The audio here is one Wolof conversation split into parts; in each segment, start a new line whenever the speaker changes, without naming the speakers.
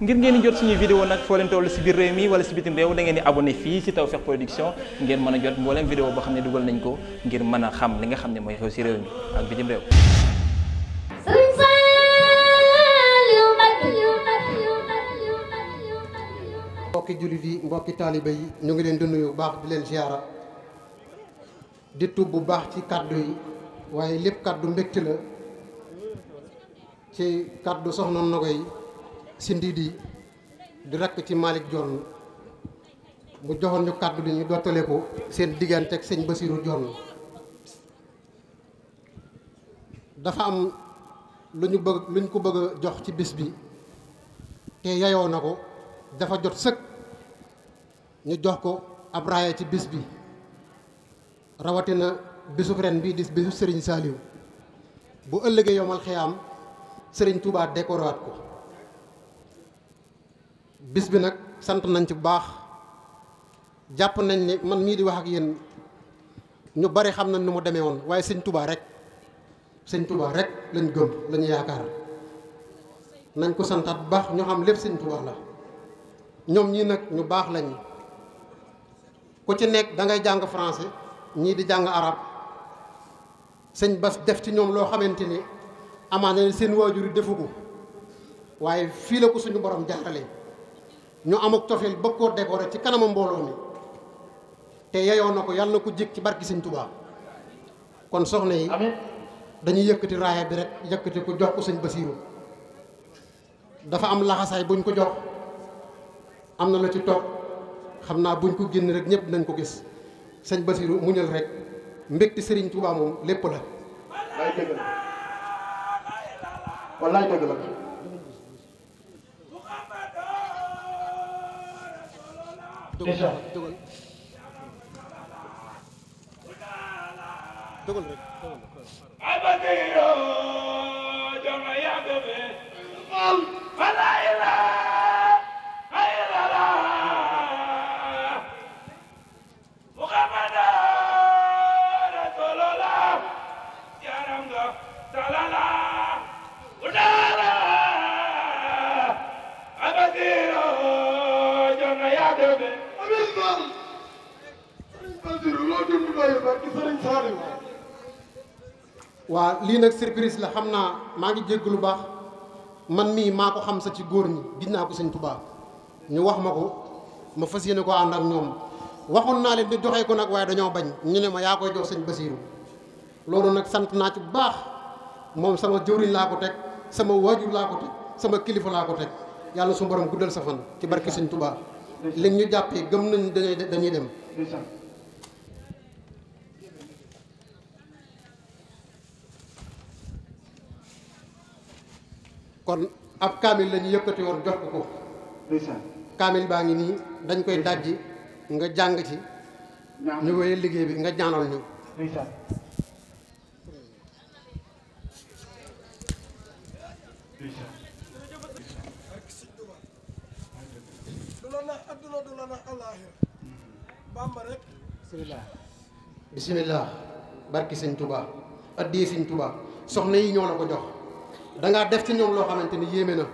ngir ngeen di jot suñuy vidéo nag foo leen toll si biir réew mi wala si bitim réew da ngeen di abonné fii si Tawfekh Production ngeen mën a jot mbooleem vidéo boo xam ne dugal ko ngir mën a xam li nga xam ne mooy xew si réew mi ak bitim réew mbokki jullit yi mbokki taaliba yi ñu ngi leen di nuyu bu baax di leen ziara di tub bu baax ci kàddu yi waaye lépp kàddu mbégte la ci kàddu soxna Nogaye si ndiidi di rakk ci Malick Dione mu joxoon ñu kàddu li ñu dootale ko seen diggante ak sëñ Basirou Dione dafa am lu ñu bëgg lu ñu ko bëgg a jox ci bis bi te yayoo na ko dafa jot sëkk ñu jox ko ab raaya ci bis bi rawatina bisub ren bii di bisu Serigne Saliou bu ëllëgee yomal xiyaam Serigne Touba décoraat ko bis bi nag sant nañ ci bu baax jàpp nañ ne man mii di wax ak yéen ñu bari xam nañ ni mu demee woon waaye sëñ tubaa rek sëñ tubaa rek lañ gëm lañu yaakaar nañ ko santaat bu baax ñu xam lépp sëñ tubaa la ñoom ñii nag ñu baax lañ ku ci nekk da ngay jàng français ñii di jàng arab sëñ bas def ci ñoom loo xamante ni amaana seen waajur yi defu ko waaye fii la ko suñu borom jaarale ñu amuk cofeel bëgg koo décorer ci kanamu mbooloo mi te yeyoo na ko yàlla na ko jik ci barki sañ Tuubaa kon soxna yi dañuy yëkkati raaya bi rek yëkkati ko jox ko sëñ Basiiru dafa am laxasaay buñ ko jox am na la ci toog xam naa buñ ko génn rek ñëpp nañ ko gis sëñ Basiiru muñal rek mbégti sëriñ Tuubaa moom lépp la la déjà dëggal rek
abadi yo jama yàgg be
waa lii nag surprise la xam naa maa ngi jégg lu baax man mii maa ko xam sa ci góor ñi gis naa ko sëñ tubaa ñu wax ma ko ma fas yéene ko ànd ak ñoom waxoon naa leen di joxe ko nag waaye dañoo bañ ñu ne ma yaa koy jox sëñ Basiiru loolu nag sant naa ci bu baax moom sama jëwriñ laa ko teg sama waajur laa ko teg sama kilifa laa ko teg yàlla su borom guddal sa fan ci barke sañ Touba li ñu jàppee gëm nañ dañuy dañuy dem kon ab kaamil la ñu yëkkati woon jox ko kaamil baa ngi nii dañ koy dajji nga jàng ci ñu wéye liggéey bi nga ñaanal ñu bisimilah barki sëñ Touba addiyee sëñ Touba soxna yi ñoo la ko jox dangaa def ci ñoom loo xamante ni yéeme na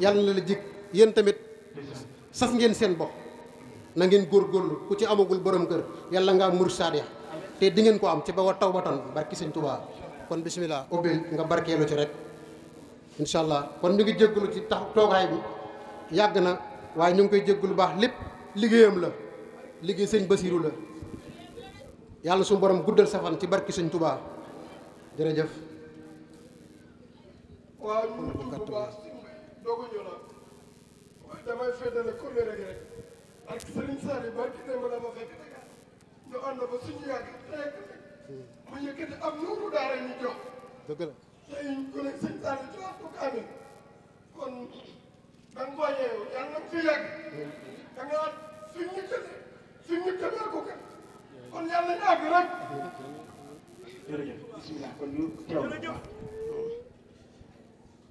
yàlla na la jikk yéen tamit saf ngeen seen bopp na ngeen góor góorgóorlu ku ci amagul borom kër yàlla ngaa mur saadiya te di ngeen ko am ci ba taw ba tan barki sëñ tubaa kon bisimilah ubbil nga barkeelu ci rek incha allah kon ñu ngi jéggalu ci tax toogaay bi yàgg na waaye ñu ngi koy jéggalu baax lépp liggéeyam la liggéey sëñ Basiiru la yàlla suñu borom guddal safan ci barki sëñ Tuubaa jërëjëf waaw ñu ngi bu baax doo ko ñëw nag waaye damay féetale ko rek rek ak Serigne Sary barki démb dama fekk Dakar ñu am nuuru daara ñu jox. dëgg la tey ku ne sëñ Sary jox ko kaamil kon da nga koo na fi yàgg da nga ko kat kon yàlla ñu àgg rek.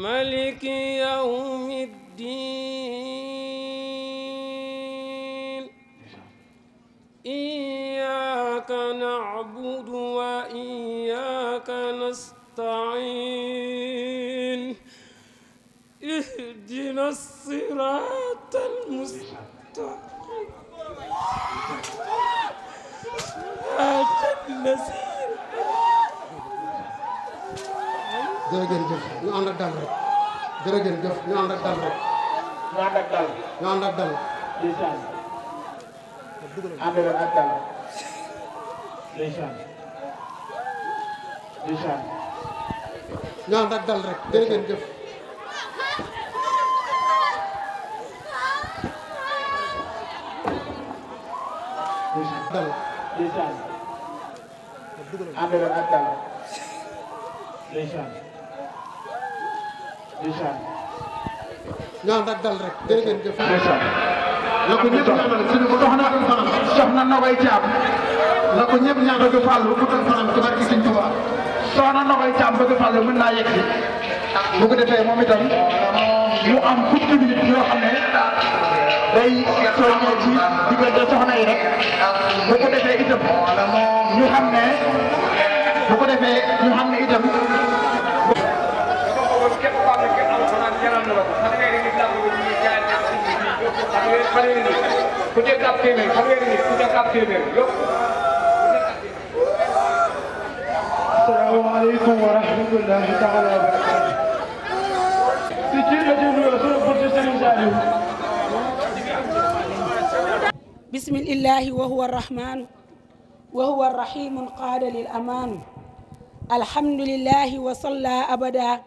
ملك يوم الدين إياك نعبد وإياك نستعين اهدنا الصراط المستقيم الذي
jërë ngeen jëf ñu ànd ak dal rek jërë ngeen jëf ñu ànd ak dal rek. ñu ànd ak dal. ñu ànd ak dal. ndeysaan. ànd leen ak dal. ndeysaan. ndeysaan. ñu ànd ak dal rek jërë ngeen jëf. dal. ndeysaan. ànd leen ak dal. ndeysaan. ñaan rek dal rek jërë ngeen jëf la ko ñëpp ñaanal suñu soxna soxna Nogoy Thiam la ko ñëpp ñaan bëgg fàllu ku tan fanam ci barki Sëñ Tuubaa soxna Nogoy Thiam bëgg fàllu mën naa yegg bu ko defee moom itam mu am fukki minute yoo xam ne day soññee ci diggante soxna yi rek bu ko defee itam ñu xam ne bu ko defee ñu xam ne itam na la ko fanweeri nit laa bëgg ñu jaayante si nit ñi fanweeri fanweeri nit ku nekk ab téeméer fanweeri nit ku nekk ab téeméer yokk
asalaamaaleykum wa rahmatullahi taala wa barakatu si ci la ci nuyoo sunu buntu Serigne Saliou bismillahi wa huwa arrahmanu wa huwa arrahimu qaada lil amaanu alhamdulillahi wa salla abada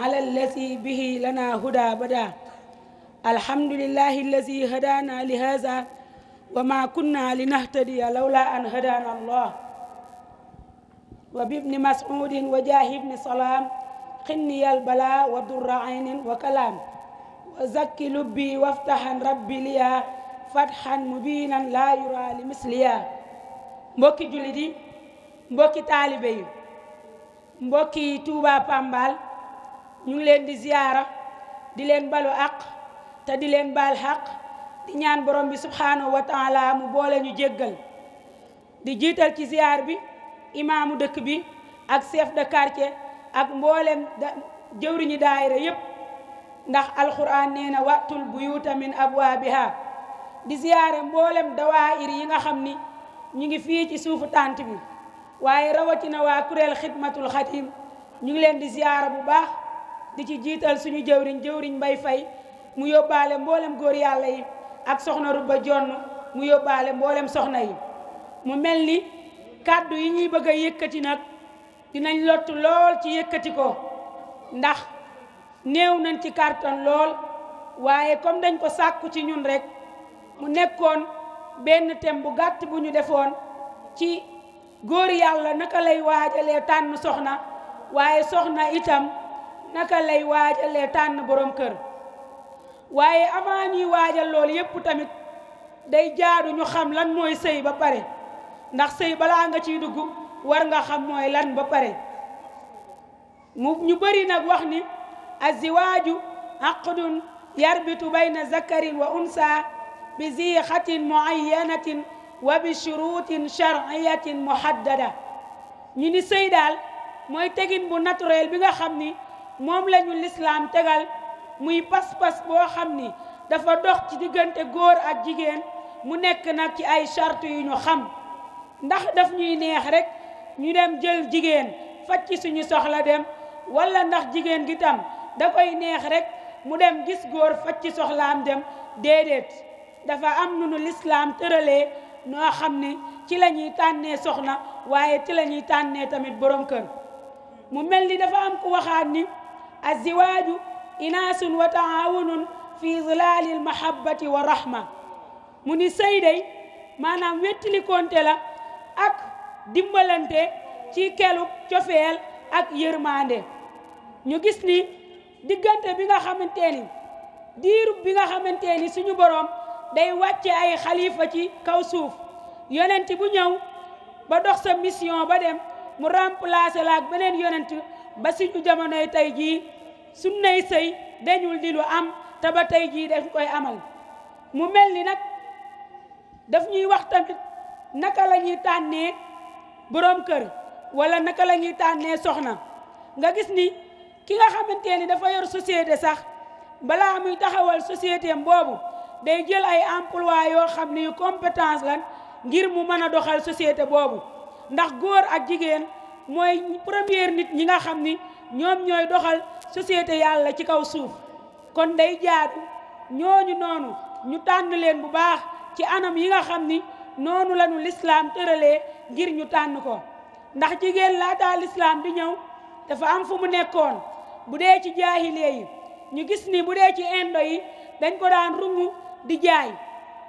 على الذي به لنا هدى بدا الحمد لله الذي هدانا لهذا وما كنا لنهتدي لولا أن هدانا الله وبابن مسعود وجاه ابن سلام خني البلاء وضر عين وكلام وزكي لبي وافتحا ربي ليا فتحا مبينا لا يرى لمثليا mbokki jullit yi mbokki taalibe yi mbokki Tuuba Pambal ñu ngi leen di ziyaara di leen balu àq te di leen baal àq di ñaan borom bi subhanahu wa taala mu boole ñu jéggal di jiital ci ziyaar bi imaamu dëkk bi ak chef de quartier ak mboolem da jëwriñu daayira yépp ndax alquran nee na watul buyuta min abwaabiha di ziyaare mboolem dawaayir yi nga xam ni ñu ngi fii ci suufu tànt bi waaye rawatina waa kuréel xidmatul xadim ñu ngi leen di ziyaara bu baax di ci jiital suñu jëwriñ jëwriñ bay fay mu yóbbaale mboolem góor yàlla yi ak soxna Ruba Jonn mu yóbbaale mboolem soxna yi mu mel ni kàddu yi ñuy bëgg a yëkkati nag dinañ lottu lool ci yëkkati ko ndax néew nañ ci carton lool waaye comme dañ ko sàkku ci ñun rekk mu nekkoon benn thème bu gàtt bu ñu defoon ci góor yàlla naka lay waajalee tànn soxna waaye soxna itam naka lay waajalee tànn borom kër waaye amaa ñuy waajal loolu yépp tamit day jaadu ñu xam lan mooy sëy ba pare ndax sëy balaa nga ciy dugg war nga xam mooy lan ba pare mu ñu bëri nag wax ni aziwaaju aqdun yarbitu bayna zakarin wa unsa bi ziixatin muayyanatin wa bi shurutin shar'iyatin muhaddada ñu ni sëy daal mooy tegin bu naturel bi nga xam ni moom lañu ñu lislaam tegal muy pas-pas boo xam ni dafa dox ci diggante góor ak jigéen mu nekk nag ci ay charte yu ñu xam ndax daf ñuy neex rek ñu dem jël jigéen faj ci suñu soxla dem wala ndax jigéen gi tam da koy neex rekk mu dem gis góor faj ci soxlaam dem déedéet dafa am nu nu lislaam tëralee noo xam ni ci la ñuy tànnee soxna waaye ci la ñuy tànnee tamit borom kër mu mel ni dafa am ku waxaat ni الزواج إناس وتعاون في ظلال المحبة والرحمة mu ni sëy day maanaam wettili konte la ak dimbalante ci keluk cofeel ak yërmande ñu gis ni diggante bi nga xamante ni diirub bi nga xamante ni suñu boroom day wàcce ay xalifa ci kaw suuf yonent bu ñëw ba dox sa mission ba dem mu remplacer la ak beneen yonent ba suñu jamonoy tey jii suñu nay sëy dañul di lu am te ba tey jii dañ koy amal mu mel ni nag daf ñuy wax tamit naka la ñuy tànnee borom kër walla naka la ñuy tànnee soxna nga gis ni ki nga xamante ni dafa yor société sax balaa muy taxawal société boobu day jël ay emploi yoo xam ni compétence lan ngir mu mën a doxal société boobu ndax góor ak jigéen mooy première nit ñi nga xam ni ñoom ñooy doxal société yàlla ci kaw suuf kon day jaadu ñooñu noonu ñu tànn leen bu baax ci anam yi nga xam ni noonu lañu lislaam tëralee ngir ñu tànn ko ndax jigéen laataa lislaam di ñëw dafa am fu mu nekkoon bu dee ci jaahiliya yi ñu gis ni bu dee ci indo yi dañ ko daan rungu di jaay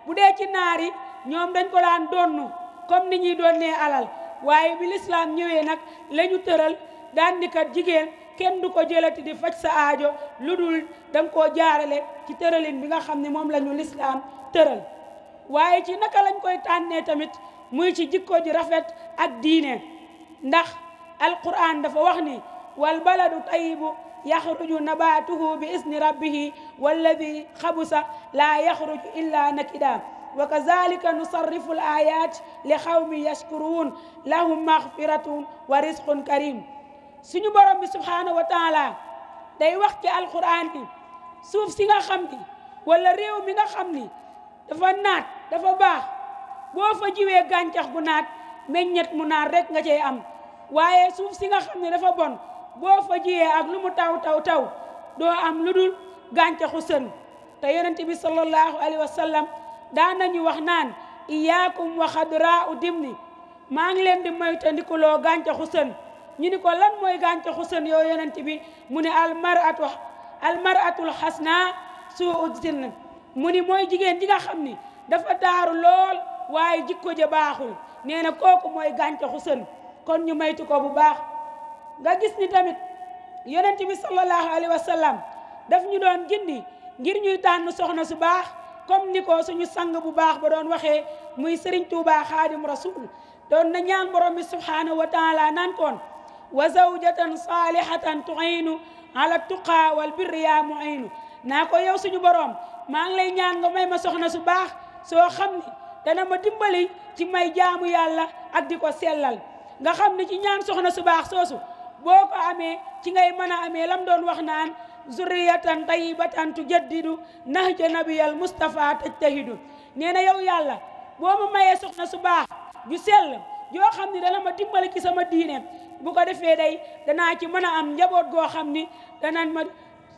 bu dee ci naar yi ñoom dañ ko daan donnu comme ni ñuy doonnee alal waaye bi lislaam ñëwee nag lañu tëral dandikat jigéen kenn du ko jëlati di faj sa aajo lu dul da nga koo jaarale ci tëralin bi nga xam ne moom la ñu lislaam tëral waaye ci naka lañ koy tànnee tamit muy ci jikko ji rafet ak diine ndax alquran dafa wax ni wal baladu tayibu yaxruju nabaatuhu bi isni rabbihi xabu xabusa laa yaxruju illa nakida wa kazalika nusarrifu al ayat li xawmi yashkuruun lahum maxfiratun wa risqun karim suñu borom bi subhanahu wa taala day wax ci alquran suuf si nga xam ni walla réew mi nga xam ni dafa naat dafa baax boo fa jiwee gàncax bu naat meññet mu naat rek nga cee am waaye suuf si nga xam ne dafa bon boo fa jiyee ak lu mu taw taw taw doo am lu dul gàncaxu sën te yonent bi sallallahu alayhi wa daanañu wax naan iyaakum wa xadraa u dimni maa ngi leen di moytandiku loo gàncaxu sën ñu ni ko lan mooy gàncaxu sën yoo yonent bi mu ni almaratu almaratul xasna suu sin mu ni mooy jigéen ji nga xam ni dafa taaru lool waaye jikko ja baaxul nee na kooku mooy gàncaxu sën kon ñu moytu ko bu baax nga gis ni tamit yonent bi sallallahu alayhi wa sallam daf ñu doon gindi ngir ñuy tànn soxna su baax comme ni ko suñu sang bu baax ba doon waxee muy Serigne Touba Xaadim Rasul doon na ñaan borom bi subhanahu wa taala naan koon wa zawjatan salihatan tu'inu ala tuqa wal birri ya naa ko yow suñu borom maa ngi lay ñaan nga may ma soxna su baax soo xam ni dana ma dimbali ci may jaamu yàlla ak di ko sellal nga xam ni ci ñaan soxna su baax soosu boo ko amee ci ngay mën a amee lam doon wax naan zurriyatan tayyibatan tujaddidu nahja nabiyal mustafa tajtahidu nee na yow yàlla boo ma mayee soxna su baax ju sell yoo xam ni dana ma dimbali ci sama diine bu ko defee day danaa ci mën a am njaboot goo xam ni dana ma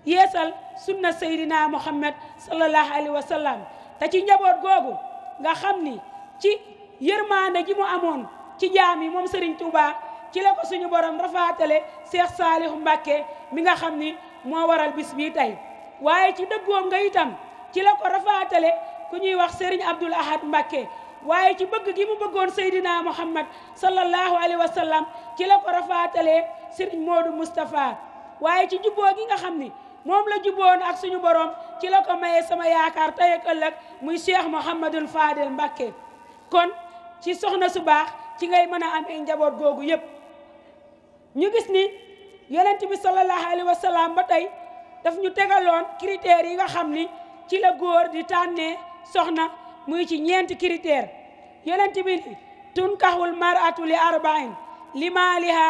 yeesal sunna seydina muhammad sallallahu alayhi wa te ci njaboot googu nga xam ni ci yërmaande ji mu amoon ci jaam yi moom Serigne Touba ci la ko suñu borom rafaatale Cheikh Saliou Mbacké mi nga xam ni moo waral bis bii tey waaye ci dëggoon nga itam ci la ko rafaatale ku ñuy wax Serigne Abdoul Ahad Mbacké waaye ci bëgg gi mu bëggoon Seydina Muhammad sallallahu alayhi wa sallam ci la ko rafaatale Serigne Modou Moustapha waaye ci jubboo gi nga xam ni moom la jubboon ak suñu borom ci la ko mayee sama yaakaar tey ak muy Cheikh Mouhamadul Fadel Mbacké kon ci soxna su baax ci ngay mën a am njaboot googu yépp ñu gis ni yonent bi sallallahu alayhi wa salaam ba tey daf ñu tegaloon critères yi nga xam ni ci la góor di tànnee soxna muy ci ñeenti critères yonent bi ni tunkaxul maratu li arbain li maaliha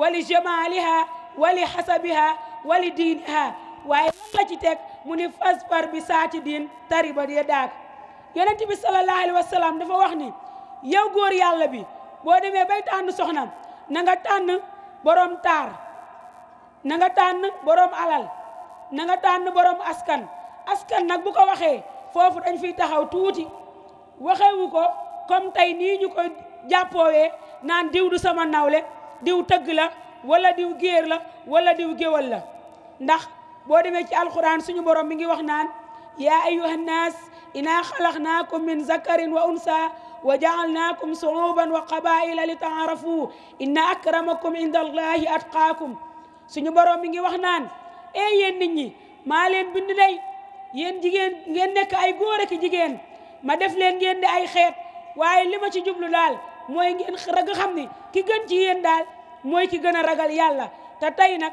wali jamaaliha wali xasabiha wali diiniha waaye lan la ci teg mu ni fasfar bi saati diin tari ba dee daak yonent bi sallallahu alayhi wa dafa wax ni yow góor yàlla bi boo demee bay tànn soxna na nga tànn borom taar na nga tànn borom alal na nga tànn borom askan askan nag bu ko waxee foofu dañ fiy taxaw tuuti waxewu ko comme tey nii ñu ko jàppoowee naan diw du sama nawle diw tëgg la wala diw géer la wala diw géwal la ndax boo demee ci alxuraan suñu borom mi ngi wax naan yaa ayuha nnaas inaa xalaqnaakum min zakarin wa unsa wa jaalnaakum suuban wa qabaila li taarafu inna akramakum inda allahi atqaakum suñu borom mi ngi wax naan e yéen nit ñi maa leen bind day yéen jigéen ngeen nekk ay góor ak jigéen ma def leen ngeen di ay xeet waaye li ma ci jublu daal mooy ngeen raga xam ni ki gën ci yéen daal mooy ki gën a ragal yàlla te tey nag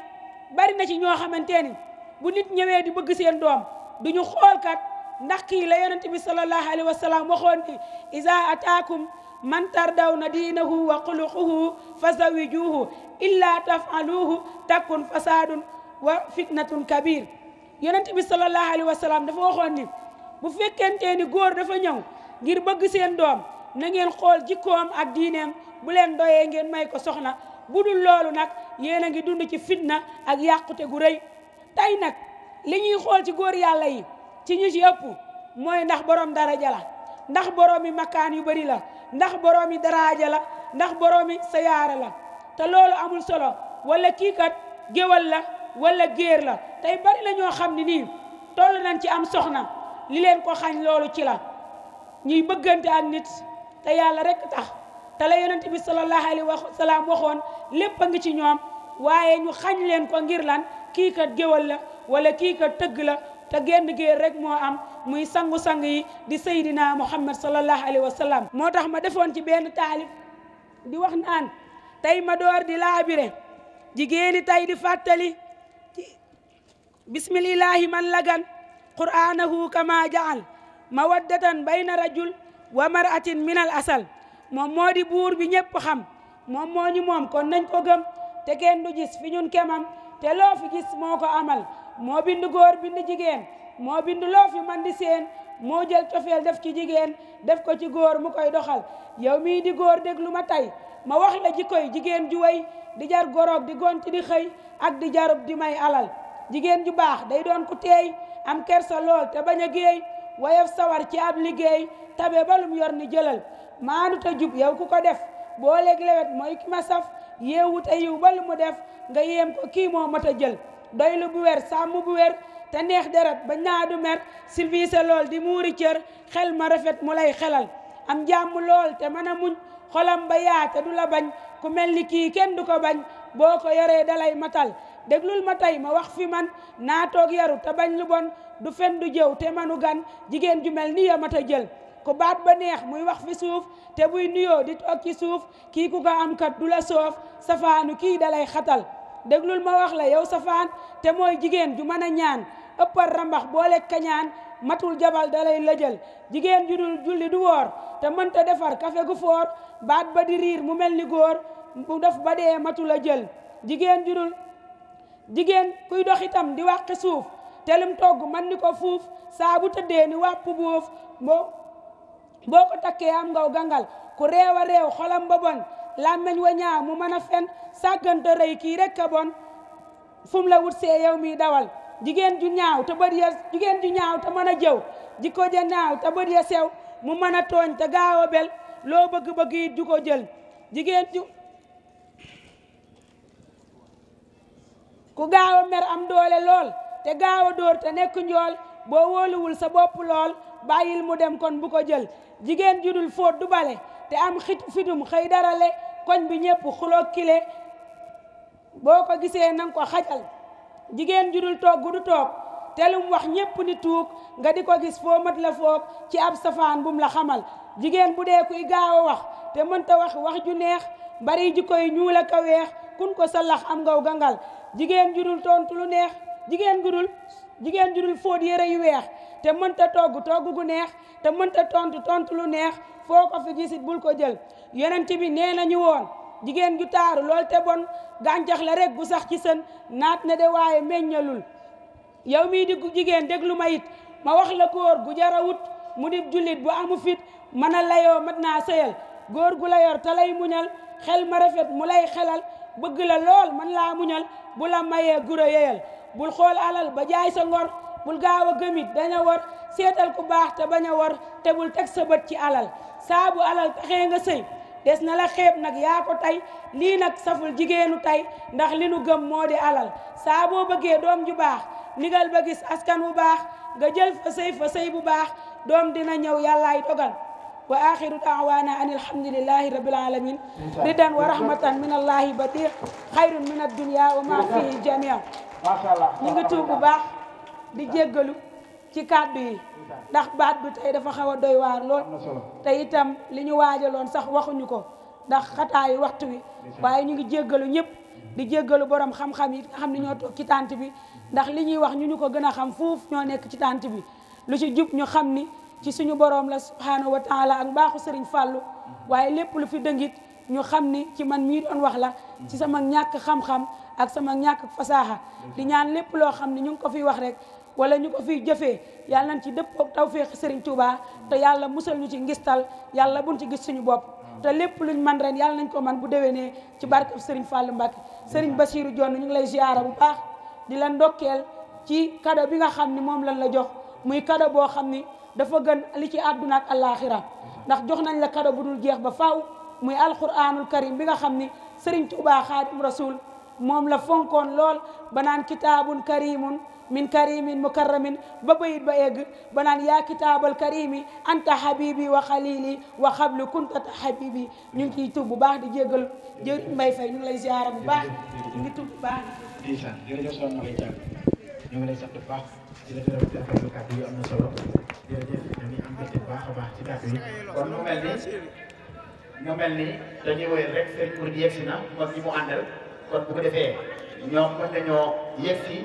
bari na ci ñoo xamante ni bu nit ñëwee di bëgg seen doom du duñu xool kat ndax kii la yonent bi sallallahu alayhi wa sallam waxoon ni isa ataakum man tardaw na diinahu wa xuluquhu fa zawijuhu illa tafaluhu takun fasadun wa fitnatun kabiir yonent bi sallallahu alayhi wa sallam dafa waxoon ni bu fekkentee ni góor dafa ñëw ngir bëgg seen doom na ngeen xool jikkoom ak diineem bu leen doyee ngeen may ko soxna bu dul loolu nag yéen a ngi dund ci fitna ak yàqute gu rëy tey nag li ñuy xool ci góor yàlla yi ci ñu ci yëpp mooy ndax borom daraja la ndax borom mi makkaan yu bari la ndax borom mi daraaja la ndax borom mi sayaara la te loolu amul solo walla kii kat géwal la wala géer la tey bari la ñoo xam ne nii toll nañ ci am soxna li leen ko xañ loolu ci la ñuy bëggante ak nit te yàlla rekk tax te la yonent bi sallallahu alayhi wa salaam waxoon lépp a ngi ci ñoom waaye ñu xañ leen ko ngir lan kii kat géwal la wala kii kat tëgg la te genn géer rek moo am muy sangu-sang yi di Seydina Muhammad sallallahu alayhi wa salaam. moo tax ma defoon ci benn taalif di wax naan. tey ma door di laabire jigéeni tey di fàttali bismillahi man lagan qur'anahu kama jaal mawaddatan bayna rajul wa maratin min al asal moom moo buur bi ñëpp xam moom moo moom kon nañ ko gëm te kenn du gis fi ñun kemam te loo fi gis moo ko amal moo bind góor bind jigéen moo bindu loo fi man di seen moo jël cofeel def ci jigéen def ko ci góor mu koy doxal yow mii di góor déglu ma tey ma wax la jikkoy jigéen ju way di jar goroog di gonti di xëy ak di jarub di may alal jigéen ju baax day doon ku teey am kersa lool te bañ a géey woyof sawar ci ab liggéey tabe balum yor ni jëlal maanu te jub yow ku ko def boo leeg lewet mooy ki ma saf yeewu te yiw balu mu def nga yéem ko kii moo mat a jël doylu bu wer sàmm bu wer te neex deret ba ñaadu mer silviise lool di muuri cër xel ma rafet mu lay xelal am jàmm lool te mën a muñ xolam ba yaate du la bañ ku mel ni kii kenn du ko bañ boo ko yoree dalay matal déglul ma tey ma wax fi man naa toog yaru te bañ lu bon du fen du jëw te manu gan jigéen ju mel ni ya mat a jël ku baat ba neex muy wax fi suuf te buy nuyoo di toog ci suuf kii ku ko am kat du la soof safaanu kii dalay xatal déglul ma wax la yow safaan te mooy jigéen ju mën a ñaan ëppal rambax boole kañaan matul jabal dalay lëjal jigéen ju dul julli du woor te mënta defar kafe gu foor baat ba di riir mu mel ni góor mu def ba dee matul a jël jigéen ju dul jigéen kuy dox itam di wàqi suuf te telum togg man ni ko fuuf saa bu tëddee ni wàpp boof boo ko takkee am ngaw gangal ku réew reew réew xolam ba bon làmmeñ wa ñaaw mu mën a fen sàggante rëy kii rek a bon fu la wut see yow mi dawal jigéen ju ñaaw te bët ya jigéen ju ñaaw te mën a jëw jikko ja ñaaw te bët ya sew mu mën a tooñ te gaaw a bel loo bëgg-bëgg yi du ko jël jigéen ju ko gaaw a mer am doole lool te gaaw a dóor te nekk njool boo wóoluwul sa bopp lool ba bàyyil mu dem kon bu ko jël jigéen ju dul fóot du bale te am xit fitum xëy darale koñ bi ñëpp xuloo kile boo ko gisee nang ko xajal jigéen ju dul toog du toog te lu wax ñépp ni tuug nga di ko gis foo mat la foog ci ab safaan bum la xamal jigéen bu dee kuy gaaw a wax te mënta wax wax ju neex bari jikko yi ñuul ak a weex kun ko sallax am ngaw gangal jigéen ju dul tontu lu neex jigéen gu dul jigéen ju dul foot yére yu weex te mënta togg togg gu neex te mënta tontu tontu lu neex foo ko fi gisit bul ko jël yonent bi nee nañu woon jigéen ju taaru lool te bon gàncax la rek bu sax ci sën naat na de waaye meññalul yow mii di jigéen déglu ma ma wax la góor gu jarawut mu di jullit bu amu fit mën a layoo mat naa sëyal góor gu la yor te lay muñal xel ma rafet mu lay xelal bëgg la lool man laa muñal bu la mayee gura yeyal bul xool alal ba jaay sa ngor bul gaaw a gëmit daña war seetal ku baax te bañ a war te bul teg sa bët ci alal saabu alal taxee nga sëy des na la xeeb nag yaa ko tey lii nag saful jigéenu tey ndax li nu gëm moo di alal saa boo bëggee doom ju baax nigal ba gis askan bu baax nga jël fa sëy fa sëy bu baax doom dina ñëw yàllaay dogal wa axiru daawaana an alhamdulillahi rabbil alamin ridan wa rahmatan min allahi batiq xayrun min ad dunia wa ma fihi jamia ñu ngi bu baax di jéggalu ci kàddu yi ndax baat bi tey dafa xaw a doy waar lool tey itam li ñu waajaloon sax waxuñu ko ndax xataayu waxtu wi waaye ñu ngi jéggalu ñëpp di jéggalu borom xam-xam yi nga xam ne ñoo toog ci tànt bi ndax li ñuy wax ñu ñu ko gën a xam fuuf ñoo nekk ci tànt bi lu ci jub ñu xam ni ci suñu borom la subhanahu wa taala ak mbaaxu sëriñ fàllu waaye lépp lu fi dëngit ñu xam ni ci man ñii doon wax la ci sama ñàkk xam-xam ak sama ñàkk fasaaxa di ñaan lépp loo xam ne ñu ngi ko fi wax rek wala ñu ko fiy jëfee yàlla nañ ci dëppoog tawféexi Serigne Touba te yàlla musal ñu ci ngistal yàlla buñ ci gis suñu bopp te lépp luñ man ren yàlla nañ ko man bu déwénee ci barkab Serigne Fallou Mbacke Serigne Bassirou Dione ñu ngi lay ziara bu baax di la ndokkeel ci cadeau bi nga xam ni moom lañ la jox muy cadeau boo xam ni dafa gën li ci àdduna ak àllaaxira ndax jox nañ la cadeau bu dul jeex ba faaw muy alquranul karim bi nga xam ni Serigne Touba Xaadim Rasul moom la fonkoon lool ba naan kitaabun karimun min karimin mukarramin ba bayit ba egg ba naan yaa kitaabal karimi anta habibi wa xalili wa xablu kunta habibi ñu ngi ciy tub bu baax di jéggal jëriñ mbay fay ñu ngi lay ziara bu baax ñu ngi tub bu baax ndeysaan jërëjëf soxna May Thiam ñu ngi lay sant bu baax
di la gërëm ci rafetlu kàddu yi am na solo jërëjëf dañuy am mbégte bu baax a baax ci kàddu yi kon mu mel ni mu mel ni dañuy woy rek seen pour di yegsi na moom ñi mu àndal kon bu ko defee ñoom mën nañoo yegsi